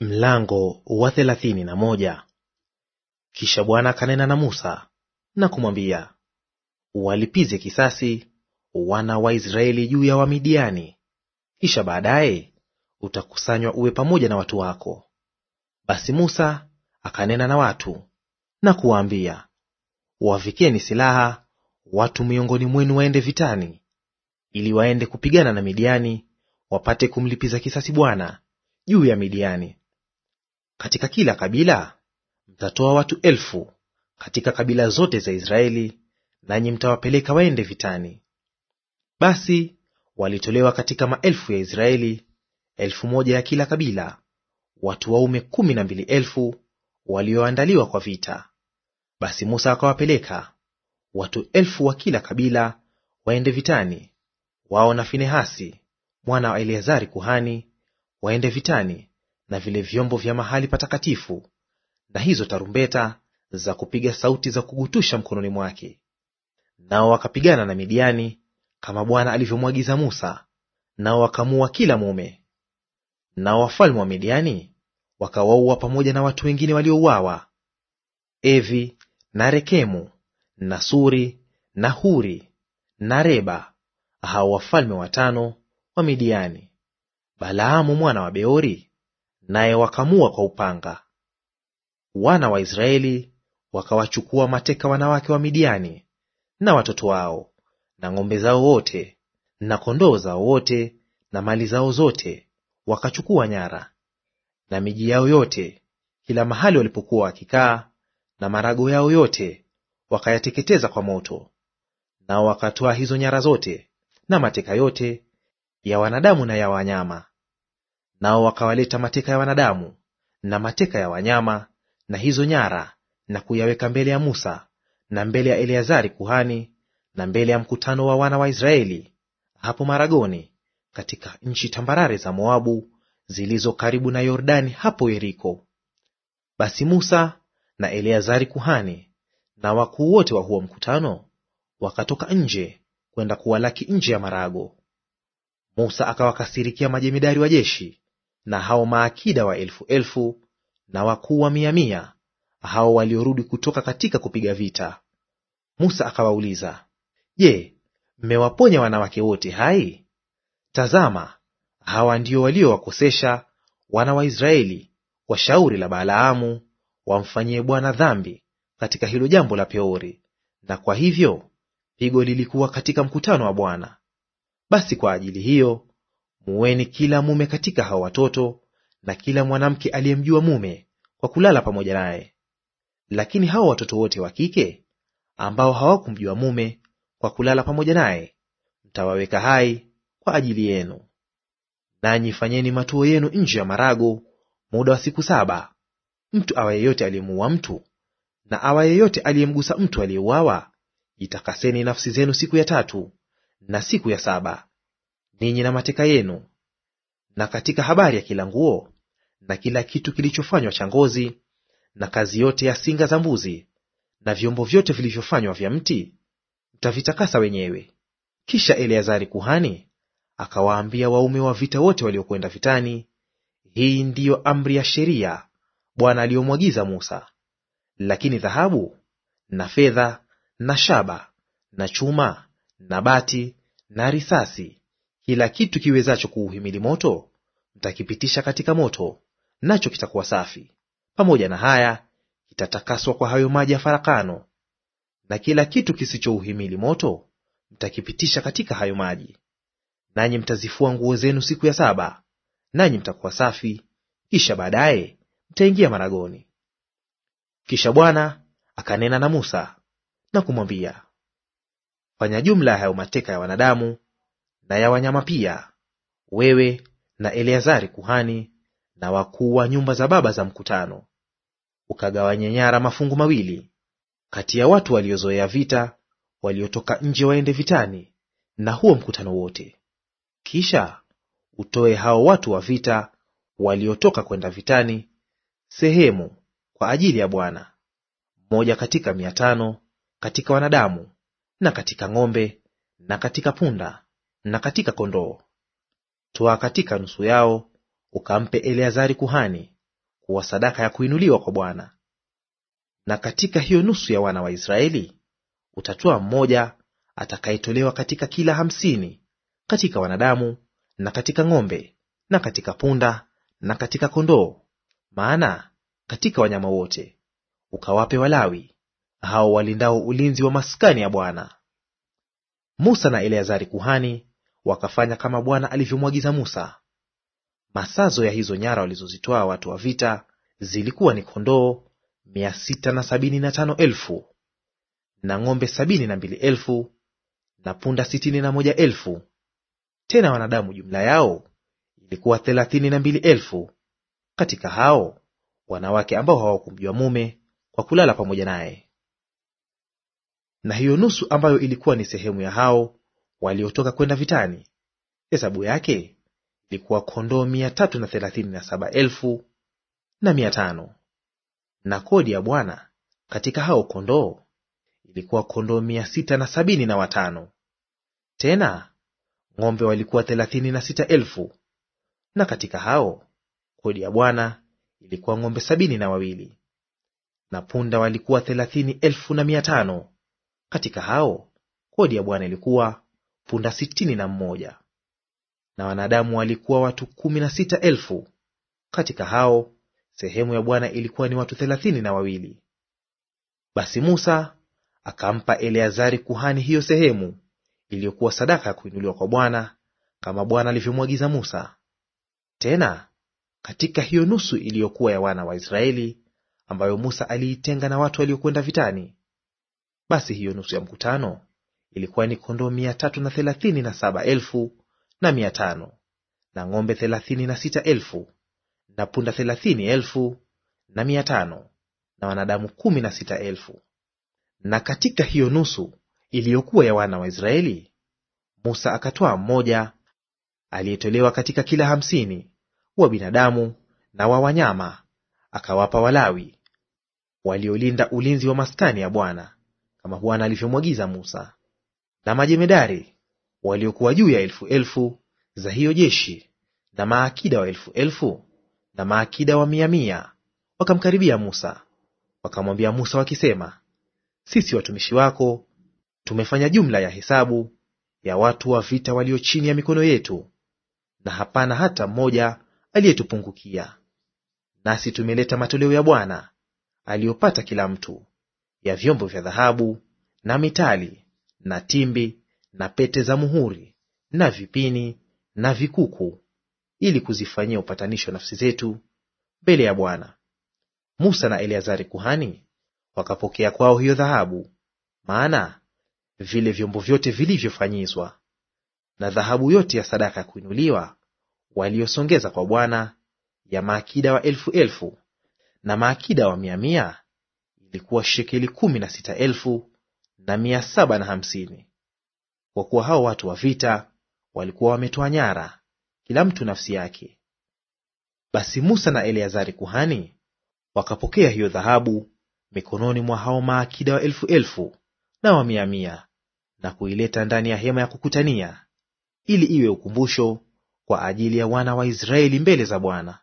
Mlango wa thelathini na moja. Kisha Bwana akanena na Musa na kumwambia, walipize kisasi wana wa Israeli juu ya Wamidiani, kisha baadaye utakusanywa uwe pamoja na watu wako. Basi Musa akanena na watu na kuwaambia, wavikeni silaha watu miongoni mwenu waende vitani, ili waende kupigana na Midiani, wapate kumlipiza kisasi Bwana juu ya Midiani. Katika kila kabila mtatoa watu elfu katika kabila zote za Israeli, nanyi mtawapeleka waende vitani. Basi walitolewa katika maelfu ya Israeli elfu moja ya kila kabila, watu waume kumi na mbili elfu walioandaliwa kwa vita. Basi Musa akawapeleka watu elfu wa kila kabila waende vitani, wao na Finehasi mwana wa Eleazari kuhani waende vitani na vile vyombo vya mahali patakatifu na hizo tarumbeta za kupiga sauti za kugutusha mkononi mwake. Nao wakapigana na Midiani kama Bwana alivyomwagiza Musa, nao wakamua kila mume. Nao wafalme wa Midiani wakawaua pamoja na watu wengine waliouawa, Evi na Rekemu na Suri na Huri na Reba, hao wafalme watano wa Midiani. Balaamu mwana wa Beori naye wakamua kwa upanga. Wana wa Israeli wakawachukua mateka wanawake wa Midiani na watoto wao na ng'ombe zao wote na kondoo zao wote na mali zao zote, wakachukua nyara, na miji yao yote, kila mahali walipokuwa wakikaa, na marago yao yote wakayateketeza kwa moto. Nao wakatoa hizo nyara zote na mateka yote ya wanadamu na ya wanyama, Nao wakawaleta mateka ya wanadamu na mateka ya wanyama na hizo nyara, na kuyaweka mbele ya Musa na mbele ya Eleazari kuhani na mbele ya mkutano wa wana wa Israeli hapo Maragoni, katika nchi tambarare za Moabu zilizo karibu na Yordani hapo Yeriko. Basi Musa na Eleazari kuhani na wakuu wote wa huo mkutano wakatoka nje kwenda kuwalaki nje ya Marago. Musa akawakasirikia majemidari wa jeshi na hao maakida wa elfu elfu na wakuu wa mia mia, hao waliorudi kutoka katika kupiga vita. Musa akawauliza, Je, mmewaponya wanawake wote hai? Tazama, hawa ndio waliowakosesha wana wa Israeli kwa shauri la Balaamu, wamfanyie Bwana dhambi katika hilo jambo la Peori. Na kwa hivyo pigo lilikuwa katika mkutano wa Bwana. Basi kwa ajili hiyo muweni kila mume katika hao watoto na kila mwanamke aliyemjua mume kwa kulala pamoja naye. Lakini hao watoto wote wa kike ambao hawakumjua mume kwa kulala pamoja naye mtawaweka hai kwa ajili yenu. Nanyi fanyeni matuo yenu nje ya marago muda wa siku saba. Mtu awa yeyote aliyemuua mtu na awa yeyote aliyemgusa mtu aliyeuawa, jitakaseni nafsi zenu siku ya tatu na siku ya saba, ninyi na mateka yenu, na katika habari ya kila nguo na kila kitu kilichofanywa cha ngozi, na kazi yote ya singa za mbuzi, na vyombo vyote vilivyofanywa vya mti, mtavitakasa wenyewe. Kisha Eleazari kuhani akawaambia waume wa vita wote waliokwenda vitani, hii ndiyo amri ya sheria Bwana aliyomwagiza Musa. Lakini dhahabu na fedha na shaba na chuma na bati na risasi kila kitu kiwezacho kuuhimili moto mtakipitisha katika moto, nacho kitakuwa safi; pamoja na haya kitatakaswa kwa hayo maji ya farakano. Na kila kitu kisichouhimili moto mtakipitisha katika hayo maji. Nanyi mtazifua nguo zenu siku ya saba, nanyi mtakuwa safi; kisha baadaye mtaingia maragoni. Kisha Bwana akanena na Musa na kumwambia, fanya jumla ya hayo mateka ya wanadamu na ya wanyama pia, wewe na Eleazari kuhani na wakuu wa nyumba za baba za mkutano. Ukagawanye nyara mafungu mawili kati ya watu waliozoea vita, waliotoka nje waende vitani na huo mkutano wote. Kisha utoe hao watu wa vita waliotoka kwenda vitani sehemu kwa ajili ya Bwana, mmoja katika mia tano katika wanadamu na katika ng'ombe na katika punda na katika kondoo. Toa katika nusu yao ukampe Eleazari kuhani kuwa sadaka ya kuinuliwa kwa Bwana. Na katika hiyo nusu ya wana wa Israeli utatoa mmoja atakayetolewa katika kila hamsini katika wanadamu na katika ng'ombe na katika punda na katika kondoo, maana katika wanyama wote ukawape Walawi hao walindao ulinzi wa maskani ya Bwana. Musa na Eleazari kuhani wakafanya kama Bwana alivyomwagiza Musa. Masazo ya hizo nyara walizozitoa watu wa vita zilikuwa ni kondoo mia sita na sabini na tano elfu na ng'ombe sabini na mbili elfu na punda sitini na moja elfu Tena wanadamu jumla yao ilikuwa thelathini na mbili elfu Katika hao wanawake ambao hawakumjua mume kwa kulala pamoja naye. Na hiyo nusu ambayo ilikuwa ni sehemu ya hao waliotoka kwenda vitani, hesabu yake ilikuwa kondoo mia tatu na thelathini na saba elfu na mia tano. Na kodi ya Bwana katika hao kondoo ilikuwa kondoo mia sita na sabini na watano. Tena ng'ombe walikuwa thelathini na sita elfu, na katika hao kodi ya Bwana ilikuwa ng'ombe sabini na wawili. Na punda walikuwa thelathini elfu na mia tano, katika hao kodi ya Bwana ilikuwa punda sitini na mmoja na wanadamu walikuwa watu kumi na sita elfu. Katika hao sehemu ya Bwana ilikuwa ni watu thelathini na wawili. Basi Musa akampa Eleazari kuhani hiyo sehemu iliyokuwa sadaka ya kuinuliwa kwa Bwana kama Bwana alivyomwagiza Musa. Tena katika hiyo nusu iliyokuwa ya wana wa Israeli ambayo Musa aliitenga na watu waliokwenda vitani, basi hiyo nusu ya mkutano ilikuwa ni kondoo mia tatu na thelathini na saba elfu na mia tano na ng'ombe thelathini na sita elfu na punda thelathini elfu na mia tano na wanadamu kumi na sita elfu. Na katika hiyo nusu iliyokuwa ya wana wa Israeli, Musa akatwaa mmoja aliyetolewa katika kila hamsini wa binadamu na wa wanyama, akawapa Walawi waliolinda ulinzi wa maskani ya Bwana, kama Bwana alivyomwagiza Musa na majemedari waliokuwa juu ya elfu elfu za hiyo jeshi na maakida wa elfu elfu na maakida wa mia mia wakamkaribia Musa. Wakamwambia Musa wakisema, sisi watumishi wako tumefanya jumla ya hesabu ya watu wa vita walio chini ya mikono yetu, na hapana hata mmoja aliyetupungukia. Nasi tumeleta matoleo ya Bwana aliyopata kila mtu ya vyombo vya dhahabu na mitali na timbi na pete za muhuri na vipini na vikuku, ili kuzifanyia upatanisho nafsi zetu mbele ya Bwana. Musa na Eleazari kuhani wakapokea kwao hiyo dhahabu, maana vile vyombo vyote vilivyofanyizwa na dhahabu yote ya sadaka ya kuinuliwa waliosongeza kwa Bwana ya maakida wa elfu elfu na maakida wa mia mia ilikuwa shekeli kumi na sita elfu na mia saba na hamsini kwa kuwa hao watu wa vita walikuwa wametoa nyara kila mtu nafsi yake. Basi Musa na Eleazari kuhani wakapokea hiyo dhahabu mikononi mwa hao maakida wa elfu elfu na wa mia mia, na kuileta ndani ya hema ya kukutania, ili iwe ukumbusho kwa ajili ya wana wa Israeli mbele za Bwana.